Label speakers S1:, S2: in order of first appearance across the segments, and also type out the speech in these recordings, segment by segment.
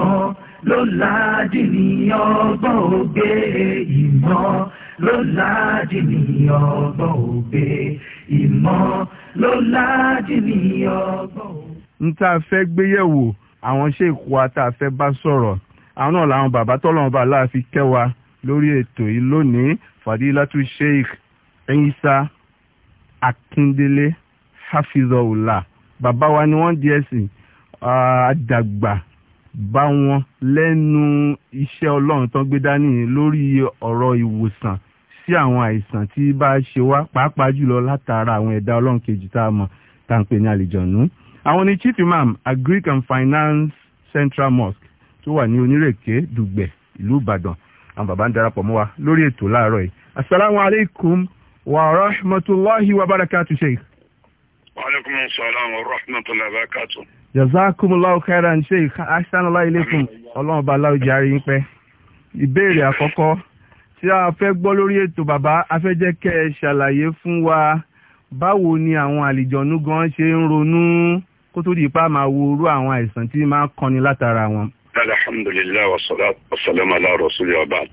S1: ìmọ̀ ló láàdì ní ọgbọ́n ògbé ìmọ̀ ló láàdì ní ọgbọ́n ògbé ìmọ̀ ló láàdì ní ọgbọ́n ògbé.
S2: n tá a fẹ́ gbéyẹ̀wò àwọn iṣẹ́ ìkó wa tá a fẹ́ bá sọ̀rọ̀ àwọn náà làwọn bàbá tọ́lọ́run bá láàfin kẹwàá lórí ètò yìí lónìí fadilatu sheikh ẹyinsa akíndélé hafizahullah bàbá wa ni wọ́n di ẹ̀sìn àdàgbà. Uh, bá wọn lẹ́nu iṣẹ́ ọlọ́run tán gbé dání lórí ọ̀rọ̀ ìwòsàn sí àwọn àìsàn tí bá ṣe wá pàápàá jùlọ látara àwọn ẹ̀dá ọlọ́run kejì tá a mọ̀ tá à ń pè ní àlìjọ̀nú. àwọn ni chief imam agric and finance central mosque tó wà ní onírèké dùgbẹ̀ ìlú ìbàdàn àwọn bàbá ń darapọ̀ mọ́ wa lórí ètò láàárọ̀ yìí asalaamualeykum wa rahmatulahi wa barakatu sheikh.
S1: Wa alaikum salaam wa rahmatullahi wa barakatuh.
S2: Jazakumullahu khairan Sheikh Ahsanullah ilaykum ọlọ́run bá láwùjẹ́ àrí ń pẹ́. Ìbéèrè àkọ́kọ́ tí a fẹ́ gbọ́ lórí ètò bàbá a fẹ́ jẹ́ kẹ́ ẹ ṣàlàyé fún wa báwo ni àwọn àlìjọ̀nú gan ṣe ń ronú kó tó di ipá máa wo irú àwọn àìsàn tí máa ń kọni látara wọn.
S1: alhamdulilayi wa salatu wa salam ala rasulillah wa baad.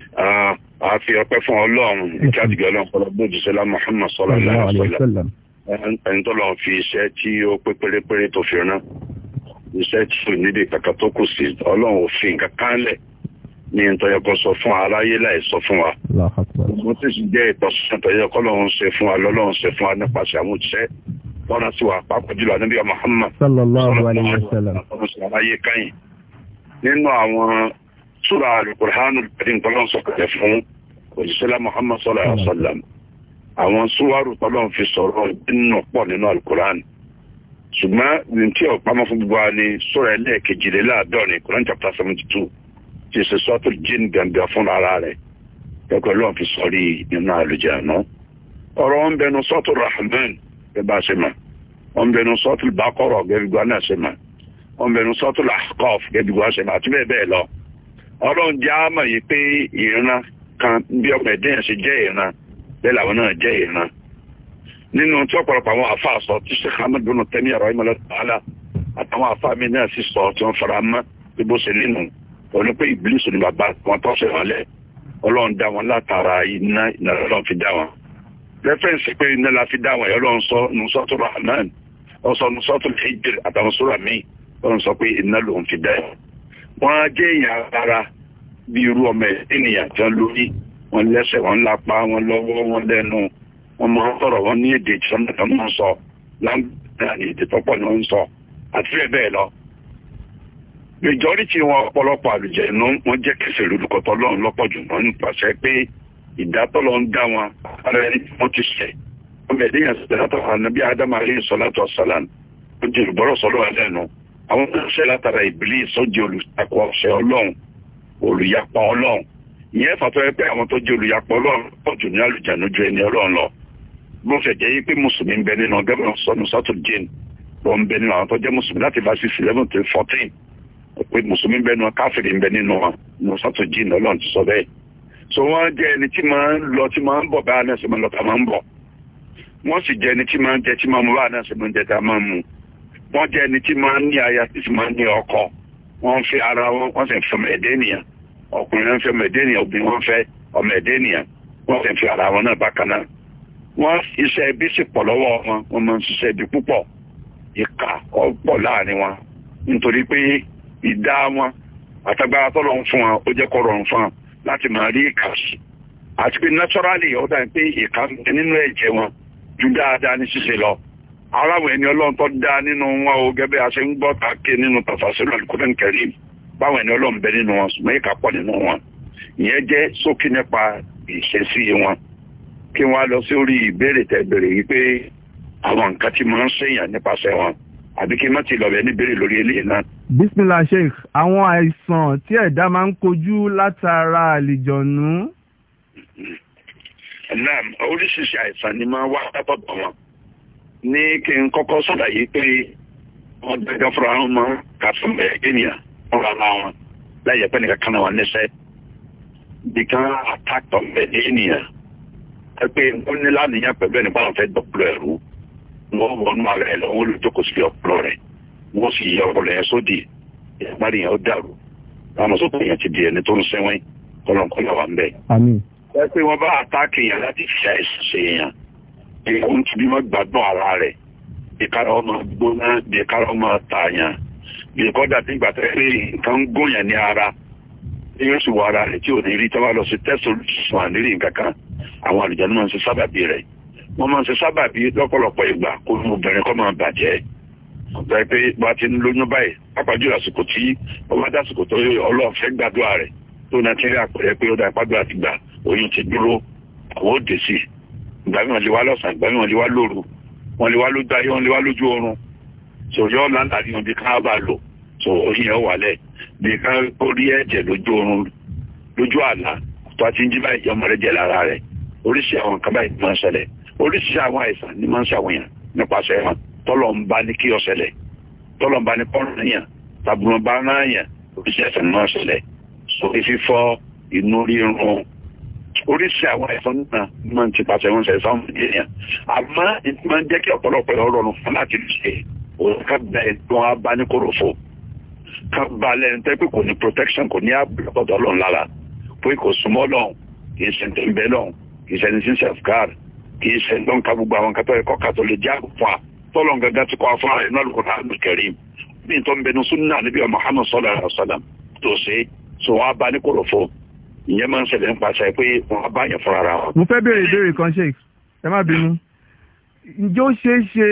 S1: a fi ọpẹ́ fún Ọlọ́run ìkàdìgẹ Ọlọ́run kọlọ bójú sọlá muhammad sọlá alayhi wa sallam ẹni tó lọ́n fi iṣẹ́ tí ó pé pérépéré tó fi rán iṣẹ́ tí ò nídìí kàkà tó kù sí ọlọ́run òfin kankan lẹ̀ ní ìtọ́yọkọ sọ fún aráyé láì sọ fún wa. mo ti sì jẹ́ ìtọ́sọ́nà tọ́yọkọ lọ́run ṣe fún wa lọ́lọ́run ṣe fún wa nípasẹ̀ àwọn òṣìṣẹ́ lọ́nà sí wa pàápàá jùlọ níbi Muhammad
S2: sallallahu alaihi wasallam
S1: aráyé káyìn nínú àwọn súra Al-Qur'anul Karim tọ́lọ́sọ̀kẹ̀lẹ̀ fún òṣìṣẹ́lá Muhammad sallallahu alaihi wasallam àwọn súwárù tọ́lọ́n fi sọ̀rọ̀ nínú pọ̀ nínú alukur'an ṣùgbọ́n wíńtí ọ̀pamọ́ fún gbogbo wa ni sọ̀rọ̀ ẹlẹ́ẹ̀kejìléláàádọ́rin Quran chapter seventy two ti ṣe sọ́tò jin gàǹgà fún ara rẹ̀ kẹ́kọ̀ọ́ lọ́n fi sọ̀rí nínú àlùjáná ọ̀rọ̀ ń bẹnu sọ́tò rahman bẹ́ẹ̀ bá ṣe mà ń bẹnu sọ́tò bákọ́rọ̀ gẹ́gẹ́ bí wọ́n náà ṣe mà ń bẹnu sọ́tò làkọ́f bẹ́ẹ̀ làwọn náà jẹ́ ìran nínú tí ọ̀pọ̀lọpọ̀ àwọn afa sọ tí sèkè ahmed bin tẹ́ni ẹ̀rọ ìmọ̀lẹ́ tààlà àtàwọn afa mi náà sì sọ tí wọ́n fara mọ́ ibo ṣe nínú òní pé ìbílísì ni bàbá wọn tọ́ sẹ̀wọ̀n lẹ̀ ọlọ́run dá wọn látara iná ìnáwó ọlọ́run fi dá wọn rẹ́fẹ̀nsì pé iná la fi dá wọn ẹ̀yọ́ sọ nùsọ́tò rahman ọ̀sọ̀ nùsọ́tò hijr àtàwọn sóra míì lọ́run sọ pé iná lòun fi dá wọn. wọ́n á jẹ́ èèyàn ara bí irú ọmọ ènìyàn tí wọ́n lóyún wọn lẹ́sẹ̀ wọn lápá wọn lọ́wọ́ wọn lẹ́nu wọn máa ń sọ̀rọ̀ wọn ní èdè ìsọmọ tó máa ń sọ láǹdàní èdè tọ́pọ̀ ni wọ́n ń sọ àti bẹ́ẹ̀ bẹ́ẹ̀ lọ. mẹjọ́rìtì wọn ọ̀pọ̀lọpọ̀ àlùjẹ̀ iná wọn jẹ́ kẹsẹ̀ lórúkọ tọ́lọ́run lọ́pọ̀ jù wọn nípasẹ̀ pé ìdátọ́lọ́ ń dá wọn ara ẹni wọn ti ṣẹ̀. ọmọ ẹ̀dẹ́yìn àṣẹlátọ̀ ànábí ádámù alayhi salatu wassalam ó di ìbọ̀rọ̀ sọ́lọ́ ẹlẹ́nu àwọn ọmọ ṣẹ́ látara ìbílẹ̀ ìsọ́jì olùtakọ̀ ọ̀ṣẹ́ ọlọ́run olùyapa ọlọ́run ìyẹn fàtọ́ ẹ pé àwọn tó jẹ́ olùyapọ̀ ọlọ́run pọ̀ jù ní àlùjánu ju ẹni ọlọ́run lọ bó fẹ́ jẹ́ yí pé mùsùlùmí ń bẹ nínú gẹ́gẹ́ sọnù sátúndín ló ń bẹ nínú àwọn tó jẹ́ mùsùlùmí láti verse eleven to fourteen pé mùsùlùmí ń bẹ nínú káfíìrì ń bẹ nínú wọn nù sátúndín ọlọ́run ti sọ bẹ́ẹ̀ so wọ́n jẹ́ ẹni tí máa ń lọ tí máa ń bọ̀ báyà náà sì máa ń lọ tá máa ń bọ̀ wọ́n sì jẹ́ ẹni tí máa ń jẹ tí máa mu báyà náà sì máa ń jẹ tá máa mu wọ́n jẹ́ ẹni tí máa ń ní aya tí máa ń ní ọkọ wọ́n fi ara wọn wọ́n sì ń fọmọ ẹ̀dẹ́ ọkùnrin náà fẹ́ ọmọ obìnrin wọn fẹ́ ọmọ ẹ̀dẹ́ ènìyàn wọ́n fi ara wọn náà bákan náà wọ́n iṣẹ́ sì wọn máa ń ibi ìka láàrin wọn nítorí pé ìdá wọn fún wọn ó rọrùn fún wọn láti máa rí ìka sí àti pé naturally ó pé ìka ju dáadáa ní lọ ẹni nínú wọn o gẹ́gẹ́ báwọn ẹni ọlọ́run bẹ nínú wọn ṣùgbọ́n ìka pọ̀ nínú wọn ìyẹn jẹ́ sókè nípa ìṣesí wọn kí wọ́n á lọ sí orí ìbéèrè tẹ̀ béèrè yìí pé àwọn nǹkan tí máa ń ṣèyàn nípasẹ̀ wọn àbí kí n má ti lọ bẹ̀ níbèrè lórí eléyìí náà.
S2: bismillah sheikh àwọn àìsàn tí ẹ̀dá máa ń kojú látara àlìjọ̀nú.
S1: naam oríṣiríṣi àìsàn ni máa wá lábọ̀bọ̀ wọn ní kí n kọ́kọ́ sọ̀rọ̀ yìí pé wọ́n dájọ́ fúnra wọn máa kà fún ẹ̀ ènìyàn ọ̀rọ̀ ara wọn láyé pẹ́ nìkan kan wà níṣẹ́ bìkan àtàkọ̀ bẹ́ẹ̀ ènìyàn ẹ pé ó ní lánìyàn pẹ̀lú ẹni báwọn fẹ́ dọ̀pọ̀ ẹ̀rú wọ́n wọnú ara ẹ̀ lọ́wọ́ olùjókòó sí ọpọlọ rẹ̀ wọ́n sì yẹ ọpọlọ ẹ̀ sódì ìparí yẹn ó dàrú àwọn sọ́kùn yẹn ti di ẹni tó ń sẹ́wọ́n kọ́lọ́nkọ́lọ́ wà ń bẹ̀. ẹ pé wọ́n bá àtàkì yẹn láti fi àìsàn yẹn èyí ń tibí mọ́ gbàgbọ́ ara rẹ̀ bí ọmọ gbóná bí kára ọmọ tààyàn ìkọ́dà tí gbà tẹ́ pé nǹkan gòyàn ní ara tí yóò sì wọ ara rẹ̀ tí ò ní rí tọ́wọ́ lọ sí tẹ́sán sùn àníri nǹkan kan àwọn àlùjànnú máa ń ṣe sábàbí rẹ̀ wọ́n máa ń ṣe sábàbí lọ́pọ̀lọpọ̀ ìgbà kó ní obìnrin kọ́ máa bàjẹ́ ọ̀tọ́ pé bá ti ń lóyún báyìí pápájú àsìkò tí wọ́n bá dásìkò tó ọlọ́ọ̀fẹ́ gbàdúrà rẹ̀ tó náà ti rí àpẹẹrẹ pé ó dá ìpádùn àti gbà oyún ti dúró àwọn òde sí ìgbà mìíràn lè wá lọ́sàn ìgbà mìíràn lè wá lóru wọn lè wá lójú ayé wọn lè wá lójú oorun sòyọ́ ọ̀làǹdà ni òbí ká bá lò so oyin ẹ̀ wàlẹ̀ bí ká orí ẹ̀jẹ̀ lójú oorun lójú àlá tó a ti ń jí báyìí ọmọ rẹ̀ jẹ̀ lára rẹ̀ oríṣi àwọn nǹkan báyìí máa ń ṣẹlẹ̀ oríṣi àwọn àìsàn ni máa ń ṣàwòyàn nípasẹ̀ wọn tọ́lọ̀ ń bá ní kí ó ṣẹlẹ̀ tọ́lọ̀ ń bá ní pọ́nrán yàn tàbùrọ̀ bá náà yàn oríṣi àìsàn ni máa ń ṣẹlẹ̀ so fífọ́ inú rírun oríṣi àwọn ẹ̀fọn náà máa ń ti pàṣẹ wọn ṣẹ̀ṣẹ̀ fún ènìyàn àmọ́ ìtì máa ń jẹ́ kí ọ̀pọ̀lọpọ̀ ọ̀rọ̀ ọ̀run fún láti ṣe òun ká bẹ ẹ̀dùn abánikóròfò balẹ̀ ń tẹ́ kò ní protection kò ní àbùdọ̀ lọ́n lára pé kò súnmọ́ lọ́n kì í ṣe ń tẹ̀m̀bẹ́ lọ́n kì í ṣe ní sí safeguard kì í ṣe ń lọ́n ká gbogbo àwọn kátó ẹ̀kọ́ kàtó lè já fún wa tọ́lọ́n gàgà ti kọ́ afárá ẹ̀ náà lùkọ́ta àgbẹ̀kẹ̀rìm bí n tó ń bẹnu súnà níbi Muhammad sallallahu alaihi tó ṣe so wọn bá ní kòròfo ìyẹn máa ń ṣẹlẹ̀ ń
S2: ṣe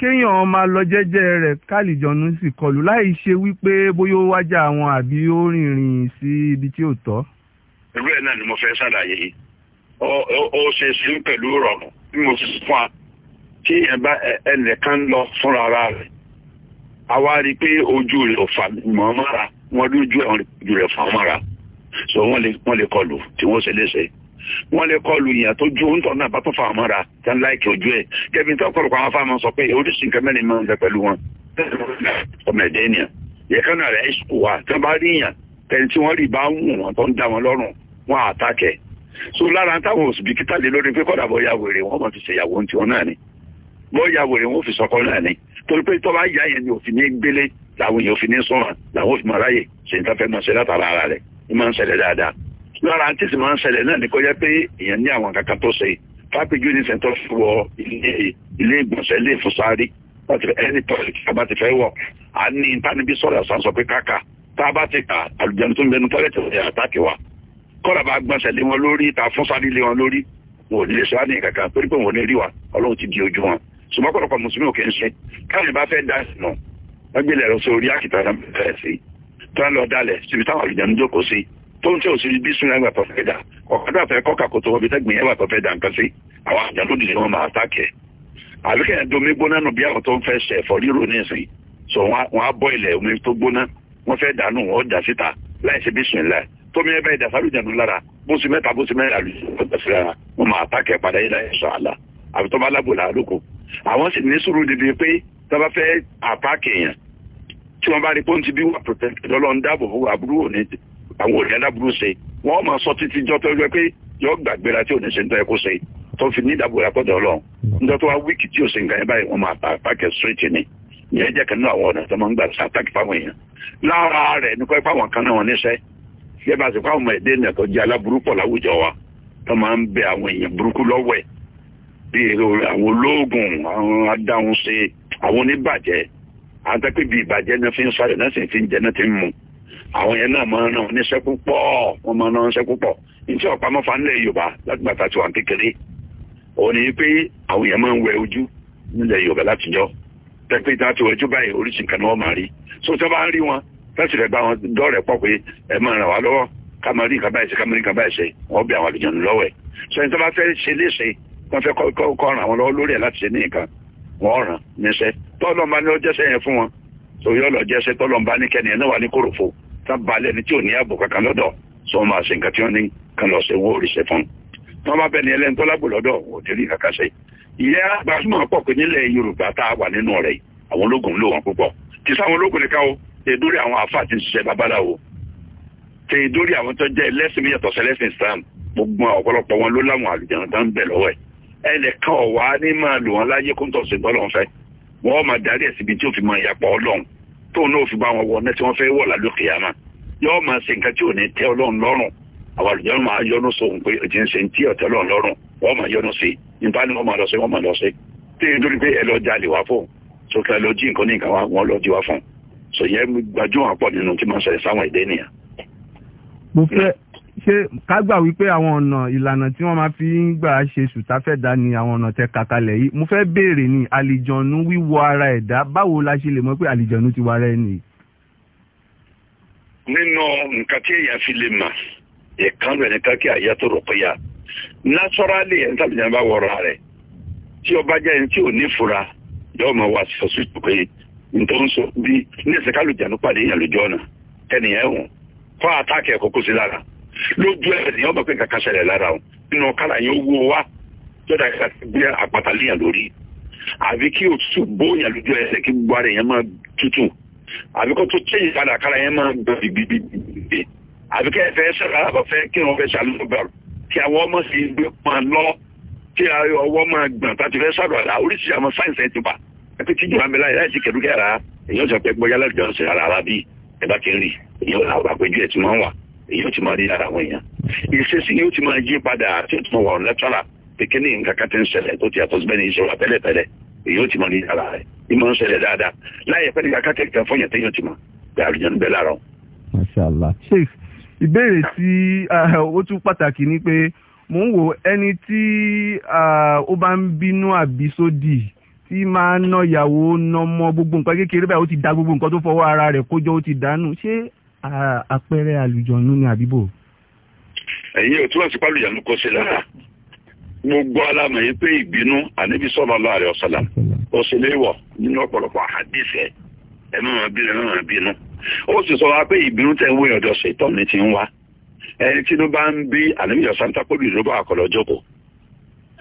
S2: kéèyàn máa lọ jẹ́jẹ́ rẹ̀ kálíjọ́nù sì kọlù láì ṣe wípé bóyá ó wájà àwọn àbí ó rìnrìn sí ibi tí ò tọ́.
S1: irú ẹ̀ náà ni mo fẹ́ ṣàlàyé yìí ó ṣe é ṣe pẹ̀lú rọrùn bí mo ti fún wa kí ẹnìkan lọ fúnra rẹ̀ àwa rí i pé ojú rẹ̀ ò fà mọ́ mọ́ra wọn lójú ẹ̀ ojú so wọ́n lè kọlù tí wọ́n ṣe léṣe wọ́n lè kọlu ìyàn tó ju ń tọ́ náà bá tó fa àmọ́ ra tán láìkí ojú ẹ̀ kẹ́bi tó kọ̀ọ̀kọ̀ àwọn fáwọn sọ pé oríṣi nǹkan mẹ́rin máa ń bẹ pẹ̀lú wọn ọmọ ẹ̀dẹ́ ènìyàn yẹ̀kánná rẹ̀ ẹ̀ṣùkù wa tí wọ́n bá rí ìyàn tẹ̀lé tí wọ́n rí bá ń wù wọ́n tó ń dá wọn lọ́rùn wọn àtàkẹ́ so lára táwọn òsì bìkítà lé lórí pé kọ́dà bọ́ ya wèrè wọ́n mọ̀ fi ṣèyàwó ń tiwọn náà ni bọ́ ya wèrè wọ́n fi sọkọ náà ni torí pé tọ́ba ìyá yẹn ni òfin ní gbélé làwọn èèyàn òfin ní sọ̀rọ̀ làwọn òfin mọ̀ ráyè ṣèǹtàfẹ́ mọ̀ ṣe látara ara rẹ̀ ní máa ń ṣẹlẹ̀ dáadáa lára tí sì máa ń ṣẹlẹ̀ náà ní kọjá pé èèyàn ní àwọn kankan tó ṣe fápéjú ní sẹ́ńtọ́ wọ ilé ìgbọ̀nsẹ̀ ilé ìfọ̀sárí láti fẹ́ ẹni tọ́lẹ̀ tí a bá ti fẹ́ wọ̀ a ní ìtànibí sọ̀rọ̀ àṣà sọ pé káka tá a bá ti kà àlùjẹun tó ń bẹnu tọ́lẹ̀ tó àtàkì wa kọ́ra bá gbọ̀nsẹ̀ lé wọn lórí ta fún sáré lé wọn lórí wọn ò ní lè sọ kankan torí pé wọn ní rí wa ọlọ́run ti di ojú wọn ṣùgbọ́n ọ̀pọ̀lọpọ̀ mùsùlùmí ò kì í ṣe káyọ̀ bá fẹ́ dá ìsìn náà tó ń tẹ́ òsì bí sunjata gbà tó fẹ́ dà ọ̀kadà fẹ́ kọ́ kàkó tó wọ́bi tẹ́gbìn yẹn wà nǹkan sí àwọn àjà ló dìde wọn máa tákẹ́ àbí kẹ́yìn domi gbóná nù bí àwọn tó ń fẹ́ ṣẹ̀ ẹ̀fọ́ rírò ní ìsìn so wọn á bọ́ ilẹ̀ omi tó gbóná wọn fẹ́ dànù wọn dà síta láì ṣe bí sùn ilẹ̀ tómi ẹ bá ìdà sálùjẹ̀nu lára bóṣù mẹ́ta bóṣù mẹ́ta lù wọn máa tákẹ́ padà yìí láì sọ àlà àbí tó bá lábòlà àlòkù àwọn sì ní àwọn òní aláburú ṣe wọ́n máa sọ títí jọ́ tó yẹ pé yọ gbàgbéra tí òní ṣe ń tọ́ ẹ kó ṣe tó fi ní ìdàbòrà pọ̀jọ́ ọlọ́run níjọ́ mm. tó wá wíìkì tí ò ṣe nǹkan yẹn báyìí wọ́n máa pa pákẹ́ straight ni ìyẹn jẹ́ kan náà àwọn ọ̀nà tó máa ń gbà sí àtàkì fáwọn èèyàn lára rẹ̀ ní kọ́ fáwọn kan náà níṣẹ́ yẹ bá ti fáwọn ọmọ ẹ̀dẹ́ ènìyàn tó jẹ́ aláburú pọ̀ láwùjọ wa tó máa ń bẹ àwọn èèyàn burúkú lọ́wọ́ ẹ̀ bí àwọn olóògùn àwọn adáhunṣe àwọn oníbàjẹ́ àtàkì bíi ìbàjẹ́ náà fi ń sáré náà sì fi ń jẹ náà ti ń mu àwọn yẹn náà máa ń oníṣẹ́ púpọ̀ wọ́n máa ń oníṣẹ́ púpọ̀ ní tí ọ̀pamọ́ fanilẹ̀ yorùbá láti gbàtà tiwa kékeré òun ni pé àwọn yẹn máa ń wẹ ojú nílẹ̀ yorùbá látijọ́ tẹ́pẹ́ tá a ti wọ ojú báyìí oríṣi nǹkan ni wọ́n máa rí so tí wọ́n bá ń rí wọn láti rẹ̀ bá wọn dọ́ọ̀rẹ̀ pọ̀ pé ẹ máa ràn wá lọ́wọ́ ká máa rí nǹkan báyìí ṣe ká máa rí nǹkan báyìí ṣe wọ́n bí àwọn àlejò lọ́wọ́ ẹ̀ so lọ jẹ́sẹ̀ tọ́lọ́mbá ní kẹ́ni náà wà ní kòròfo tán balẹ̀ ní tí ò ní ààbò kankan lọ́dọ̀ sọ máa ṣe nǹkan tí wọ́n ní kan lọ́ọ́ ṣe owó òrìṣẹ́ fún un tán bá bẹ́ẹ̀ ni ẹlẹ́ni tó lágbò lọ́dọ̀ ò ní rí kankan ṣe ìyẹn gbajúmọ̀ pọ̀ pé nílẹ̀ Yorùbá tá a wà nínú rẹ̀ àwọn ológun ló wọn púpọ̀ kì í sáwọn ológun nìkan o èdórí àwọn àáfàá ti ń ṣiṣẹ́ babaláwo tẹ èdórí àwọn tó jẹ́ ẹlẹ́sìn mi yàtọ̀ sẹ́lẹ́sìn Islam gbogbo ọ̀pọ̀lọpọ̀ wọn ló láwọn àlùjẹ̀nù tó ń bẹ̀ lọ́wọ́ ẹ̀ ẹnìkan ọ̀wá ní máa lò wọn láyé kó ń tọ̀ sí tọ́lọ́run fẹ́ wọ́n máa darí ẹ̀ síbi tóun náà fi bá wọn wọ ọ̀nà tí wọ́n fẹ́ wọ̀ lálùkì yàmà yọ́ọ́ máa ṣe nǹkan tí ò ní tẹ́ ọlọ́run lọ́rùn àwọn àlùjọ́ máa yọnu sóhun pé òjì ń ṣe tí ọ̀tẹ́ ọlọ́run lọ́rùn wọ́n máa yọnu sí nípa ni wọ́n máa lọ sí wọ́n máa lọ sí tí èyí dúró pé ẹ lọ jalè wá fún sókè lọ jí nǹkan ní nǹkan wá wọn lọ jí wá fún sòyẹ́ gbajúmọ̀ pọ̀ nínú tí máa ń ṣẹlẹ̀ sáwọn ìdẹ́nìyàn.
S2: mo fẹ́ ṣé ká gbà wípé àwọn ọ̀nà ìlànà tí wọ́n máa fi ń gbà ṣe ṣùtá fẹ́ dá ni àwọn ọ̀nà tẹ kàkalẹ̀ yìí mo fẹ́ béèrè ni àlìjọ̀nù wíwọ ara ẹ̀dá báwo la ṣe lè mọ̀ pé àlìjọ̀nù ti wọ ara ẹni.
S1: nínú nǹkan tí èèyàn fi lè mà ẹ̀ka rẹ̀ ní kákí àyà tó rọ̀ péyà násọ́rálì ẹ̀ ń tàbíyàn bá wọra rẹ̀ tí ọba jẹ́ ẹni tí ò ní fura yóò kọ́ àtàkì ẹ̀kọ́ kó sí lára lójú ẹ̀ ní ọmọ pé kankan ṣẹlẹ̀ lára o nínú kára yẹn ó wó wá lọ́dà ìgbà tí gbé àpáta léèyàn lórí àbí kí òtútù bóyàn lójú ẹsẹ̀ kí gbogbo ara yẹn máa tútù àbí kó tó chéyìn padà kára yẹn máa gbọ́ gbìgbìgbì àbí kẹ́ ẹ fẹ́ ṣẹlẹ̀ alábọ̀fẹ́ kí wọ́n fẹ́ ṣàlùbọ̀ kí àwọn ọmọ sì gbé máa lọ kí ọwọ́ máa gbọ̀n tàbí fẹ́ ṣàlùbọ̀ oríṣiríṣi àwọn sáyẹ̀nsì ẹ̀ ti bà ẹ pé tíjú àmì láyé láì sí kẹ̀dúkẹ́ ara èèyàn sọ pé gbọ́yálẹ̀ jọ̀ọ́sẹ̀ ara ara bíi ẹ bá ti rí èèyàn àpèjú ẹ̀ ti máa ń wà èyí ti máa rí ara àwọn èèyàn ìṣesí yóò ti máa yí padà àti ìtumọ̀ wà lẹ́tọ́rà pékinní nǹkan kan ti ń ṣẹlẹ̀ tó ti àtọ́sí bẹ́ẹ̀ ní ìṣòro àbẹ́lẹ̀bẹ́lẹ̀ èyí ti máa rí ara rẹ̀ ìmọ̀ ń ṣẹlẹ̀ dáadáa láyé pẹ́ nígbà kákẹ́kẹ́ fún yẹn téèyàn ti mọ̀ pé àrùjọ níbẹ̀ lára.
S2: mashallah sheikh ìbéèrè tí ah, ó tún pàtàkì ni pé mò ń wo ẹni tí ah, ó bá ń bínú àbí sódì tí máa ń ná ìyàwó ná mọ gbogbo nǹkan kékeré báyìí ó ti da gbogbo nǹkan tó fọwọ́ ara rẹ̀ kójọ ó ti dànù ṣé àpẹẹrẹ àlùjọ̀nú ni àbíbò.
S1: ẹ̀yin ò túbọ̀ sí pálùjọ̀nú kó ṣe lára gbogbo alamọ̀ yìí pé ìbínú ànábi sallallahu alaihi wasallam ó ṣe léwọ̀ nínú ọ̀pọ̀lọpọ̀ àdìsẹ́ ẹ máa bínú ẹ máa bínú ó sì sọ wá pé ìbínú tẹ̀ ń wé ọ̀dọ̀ ṣètọ́ ni ti ń wá ẹni tí ló bá ń bí ànábi ọ̀sán tákòlù ló bá àkọlọ́ jókòó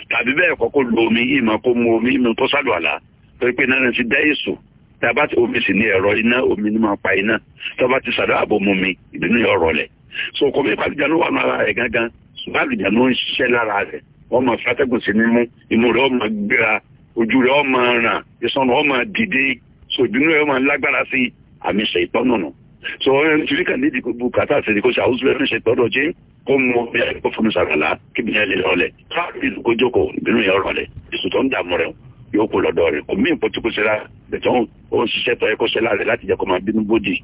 S1: tàbí bẹ́ẹ̀ kọ́kọ́ lu omi ìmọ̀ kó mu omi ìmọ̀ kó sálù àlá torí pé náà ti dẹ́ èso tàbá tí omi sì ní ẹ̀rọ iná omi ní máa pa iná tàbá ti sàdá àbò mu mi ìdùnnú yọ rọlẹ̀ so kò mí pàlùjà ló wà lára rẹ̀ gángan ṣùgbọ́n àlùjà ló ń ṣiṣẹ́ lára rẹ̀ wọ́n máa fi atẹ́gùn sí nímú imú rẹ̀ ó máa gbéra ojú rẹ̀ ó máa ràn ìsọnù ó máa dìde so ìdùnnú rẹ̀ ó máa lágbára sí àmì ṣe ìtọ́nù nù so nítorí kan nídìí gbogbo kàtà àṣẹdì kó ṣe àwùjọ rẹ̀ ń ṣe ìtọ́dọ̀ jẹ́ kó mú ọmọ ẹ̀ kó fún mi sàrànlá kí yóò kó lọ́dọ̀ rẹ̀ kò mí nǹkan tí kò ṣe lára rẹ̀ tó ń ṣiṣẹ́ tọ́ ẹ kó ṣe lára rẹ̀ láti jẹ́ kó máa bínú bódì.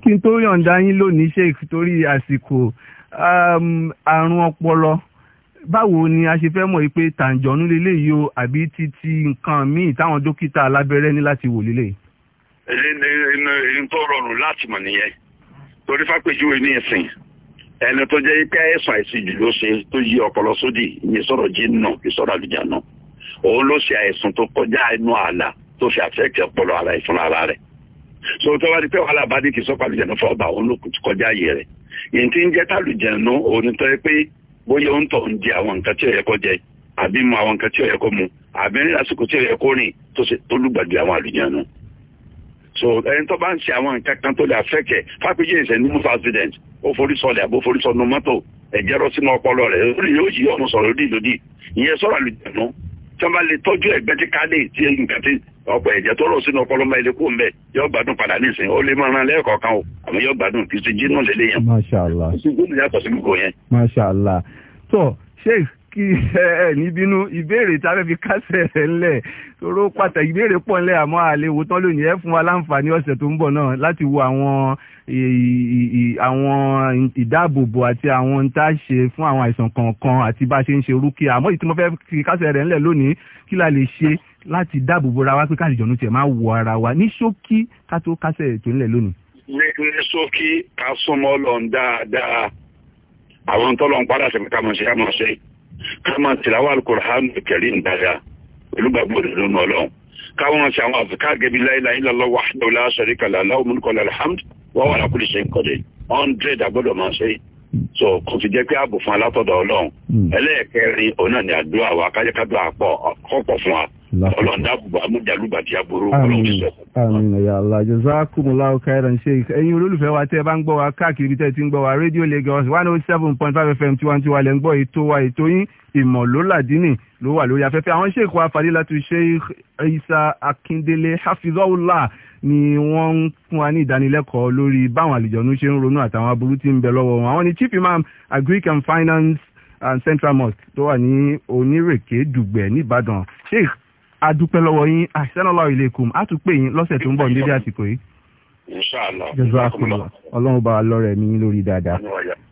S2: kí n tó yọ̀ǹda yín lónìí ṣe torí àsìkò um, àrùn ọpọlọ báwo ni a ṣe fẹ́ mọ̀ pé tàǹjọ̀nú lélẹ́yìí o àbí títí nǹkan míì táwọn dókítà alábẹ́rẹ́ ní láti wò lélẹ́yìí.
S1: ẹni tó rọrùn láti mọ̀ nìyẹn torí fápèjúwe ní ìsìn ẹni tó jẹ́ pé ẹ̀sùn àìsí jù ló ṣe tó yí ọpọlọ sódì ìyẹn sọ̀rọ̀ jí nù ìsọ̀rọ̀ àlùjá náà òun ló ṣe àìsàn tó kọjá inú ààlà tó ṣe àfẹ́kẹ́ ọpọlọ ara ìfúnra ara rẹ̀ so tó wá di pé wàhálà bá dé kì í sọ́pàá àlùjẹ̀nu fọ́ọ̀bà òun ló kọjá ààyè rẹ̀ yìí ti ń jẹ́ tàlùjẹ̀nu òun tó yẹ pé bóyá ó ń ń jẹ àwọn nǹkan tí ó yẹ kó jẹ àbí mu àwọn nǹkan tí ó yẹ kó mu àbí ní àsìkò tí yẹ kó rìn tó lùgbàdì àwọn so ẹni tó bá ń ṣe àwọn nǹkan kan tó lè àfẹ́kẹ́ fápéjì ìṣẹ́ ní move accident ó forí sọlẹ̀ àbó forí sọnù mọ́tò ẹ̀jẹ̀ rọ sínú ọpọlọ rẹ̀ lórí yóò yí sọ̀rọ̀ ìyẹn sọ̀rọ̀ tí wọ́n bá lè tọ́jú ẹ̀gbẹ́ tí ká lè tí nǹkan tí ọ̀pọ̀ ẹ̀jẹ̀ tó rọ̀ sínú ọpọlọ máa lè kó mbẹ yọ gbádùn padà nísìnyí ó lè máa ran lẹ́ẹ̀kọ̀ọ̀kan o àmọ́ yọ gbádùn kì í ṣe jínú lélẹ́yìn. Masha Allah. ṣe jínú yàtọ̀ sí gbogbo yẹn.
S2: Masha Allah. tó Sheikh kí ẹ níbínú ìbéèrè tá a fẹ́ fi kásẹ̀ rẹ̀ ńlẹ̀ toró pàtàkì ìbéèrè pọ̀ ńlẹ̀ àmọ́ àlewò tán lónìí ẹ fún wa láǹfààní ọ̀sẹ̀ tó ń bọ̀ náà láti wo àwọn àwọn ìdáàbòbò àti àwọn tá a ṣe fún àwọn àìsàn kọ̀ọ̀kan àti bá a ṣe ń ṣe rúkìá àmọ́ ìtumọ̀ fẹ́ fi kásẹ̀ rẹ̀ ńlẹ̀ lónìí kí la lè ṣe láti dáàbòbò ra wa pé káàdì ìjọ̀nù tiẹ̀ máa wọ ara wa ní ṣókí ká tó kásẹ̀ ètò ńlẹ̀ lónìí.
S1: ní ní ń padà sí mọ̀ ṣe ká mọ̀ ṣe máa tìlàwà alukur'an kẹrin dáadáa pẹ̀lú gbàgbọ́ òdodo nù ọlọ́run káwọn ṣe àwọn àfikà gẹbi láìláì lọ́lọ́ wahdahu la sharika lahu lahul mulku wa lahul hamd wa huwa ala kulli shay'in qadir hundred agbọ́dọ̀ máa ṣe so kò fi jẹ́ pé ààbò fún alátọ̀dọ̀ ọlọ́run hmm. ẹlẹ́ẹ̀kẹrin òun náà ni àdúrà wa kájẹ́kádùn àpọ̀ ọ̀pọ̀ fún wa ọlọ́run dábùbà amúdàlúbà tí a borò ọlọ́run sọ.
S2: àmín ya Allah jazakumullahu khairan sheikh wa tẹ́ ẹ wa káàkiri tẹ́ ẹ ti ń gbọ́ wa rédíò Lagos oh wa ètò yín ìmọ̀lóládìní ló wà lórí afẹ́fẹ́ àwọn sheikh wa isa akindele hafizahullah ni wọ́n ń fún wa ní ìdánilẹ́kọ̀ọ́ lórí báwọn àlìjọ̀nú ṣe ń ronú àtàwọn aburú tí finance and central mosque tó wà ní onírèké dùgbẹ̀ nìbàdàn sheikh adúpẹ́ lọ́wọ́ yín ahsanallahu ilaykum á tún pè yín lọ́sẹ̀ tó ń bọ̀ ní àsìkò yìí. ọlọ́run bá wa lọ́rẹ̀ ní lórí dáadáa.